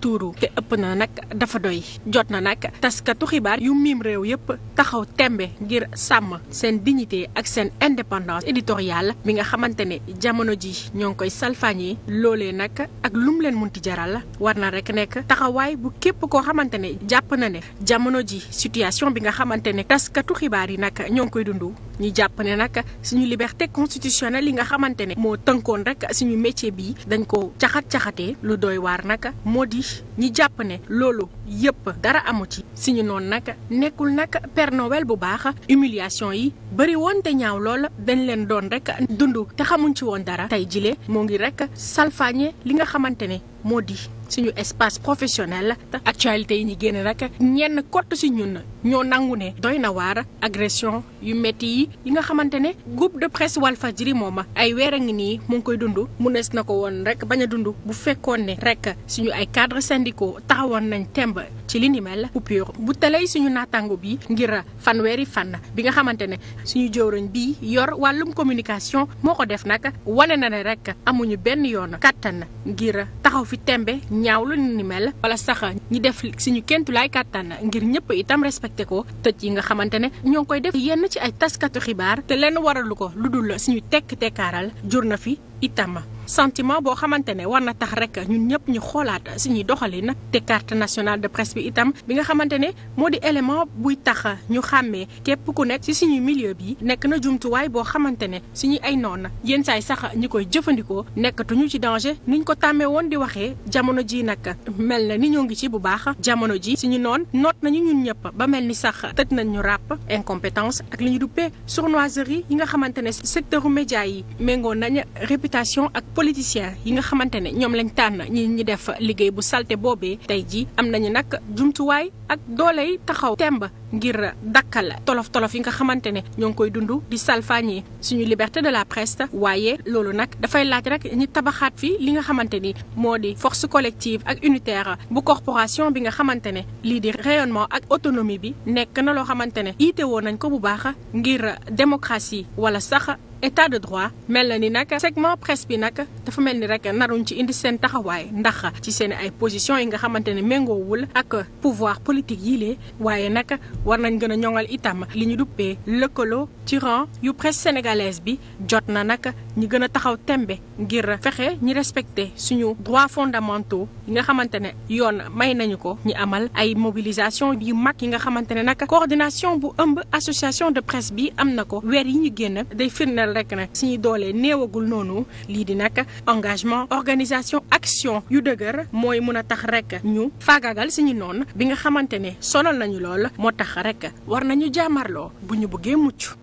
tuuru te ëpp na nag dafa doy jot na nag taskatu xibaar yu miim réew yëpp taxaw tembe ngir sàmm seen dignité ak seen indépendance éditoriale bi nga xamante ne jamono ji ñoo ngi koy salfaañee loolee nag ak lum leen munti jaral war na rek nekk taxawaay bu képp koo xamante ne jàpp na ne jamono ji situation bi nga xamante ne taskatu xibaar yi nag ñoo ngi koy dund ñu jàpp ne nag suñu liberté constitutionnelle yi nga xamante ne moo tënkoon rek suñu métier bi dañ ko caxat caxate lu doy waar nag moo di ñi jàpp ne loolu yépp dara amu ci suñu noon nag nekkul nag Père Noël bu baax humiliation yi bëri woon te ñaaw lool dañ leen doon rek dund te xamuñ ci woon dara tey jile moo ngi rek salfaañe li nga xamante ne moo di suñu espace professionnel te actualité yi ñu génn nag ñenn kott si ñun ñoo nangu ne doy na waar agression yu métti yi yi nga xamante ne groupe de presse Walfadjri moom ay weer a ngi nii mu ngi koy dund mu nees na ko woon rek bañ a dund bu fekkoon ne rek suñu ay cadres syndicaux taxawoon nañ temb ci li ni mel coupure bu talay suñu naataango bi ngir fanweeri fan bi nga xamante ne suñu jëwriñ bi yor wàllum communication moo ko def nag wane na ne rek amuñu benn yoon kattan ngir ñaaw ñaawlu ni mel wala sax ñi def suñu kentu laay kàttan ngir ñëpp itam respecté ko tëj yi nga xamante ne ñoo ngi koy def yenn ci ay taskatu xibaar te lenn waralu ko lu dul suñu tekk tekkaaral jur na fi itam sentiment boo xamante ne war na tax rek ñun ñëpp ñu xoolaat suñuy doxali nag te carte nationale de presse bi itam bi nga xamante ne moo di élément buy tax ñu xàmmee képp ku nekk ci suñuy milieu bi nekk na jumtuwaay boo xamante ne suñuy ay noon yenn saay sax ñi koy jëfandikoo nekkatuñu ci danger niñ ko tàmmee woon di waxee jamono ji nag mel na ni ñoo ngi ci bu baax jamono ji suñu noon noot nañu ñun ñëpp ba mel ni sax tëj nañ ñu ràpp incompétence ak li ñu duppee sournoiserie yi nga xamante ne secteur média yi méngoo nañ réputation ak politiciens yi nga xamante ne ñoom lañ tànn ñi ñi def liggéey bu salte boobee tey ji am nañu nag jumtuwaay ak dooley taxaw temb ngir dakkal tolof tolof yi nga xamante ne ñoo ngi koy dund di salfaañee suñu liberté de la preste waaye loolu nag dafay laaj rek ñu tabaxaat fi li nga xamante ni moo di force collective ak unitaire bu corporation bi nga xamante ne lii di rayonnement ak autonomie bi nekk na loo xamante ne nañ ko bu baax ngir démocratie wala état de droit mel na ni nag segment presse bi nag dafa mel ni rek naruñ ci indi seen taxawaay ndax ci seen ay position yi nga xamante ne méngoowul ak pouvoir politique yi lee waaye nag war nañ gën a ñoŋal itam li ñu duppee lëkkaloo ci rang yu presse sénégalaise bi jot na nag ñi gën a taxaw tembe ngir fexe ñi respecté suñu droits fondamentaux yi nga xamante ne yoon may nañu ko ñi amal ay mobilisation yu mag yi nga xamante ne nag coordination bu ëmb association de presse bi am na ko weer yi ñu génn leeral rek nag suñu doole néewagul noonu lii di nag engagement organisation action yu dëgër mooy mun a tax rek ñu faagagal suñu noon bi nga xamante ne sonal nañu lool moo tax rek war nañu jaamarloo bu ñu bëggee mucc.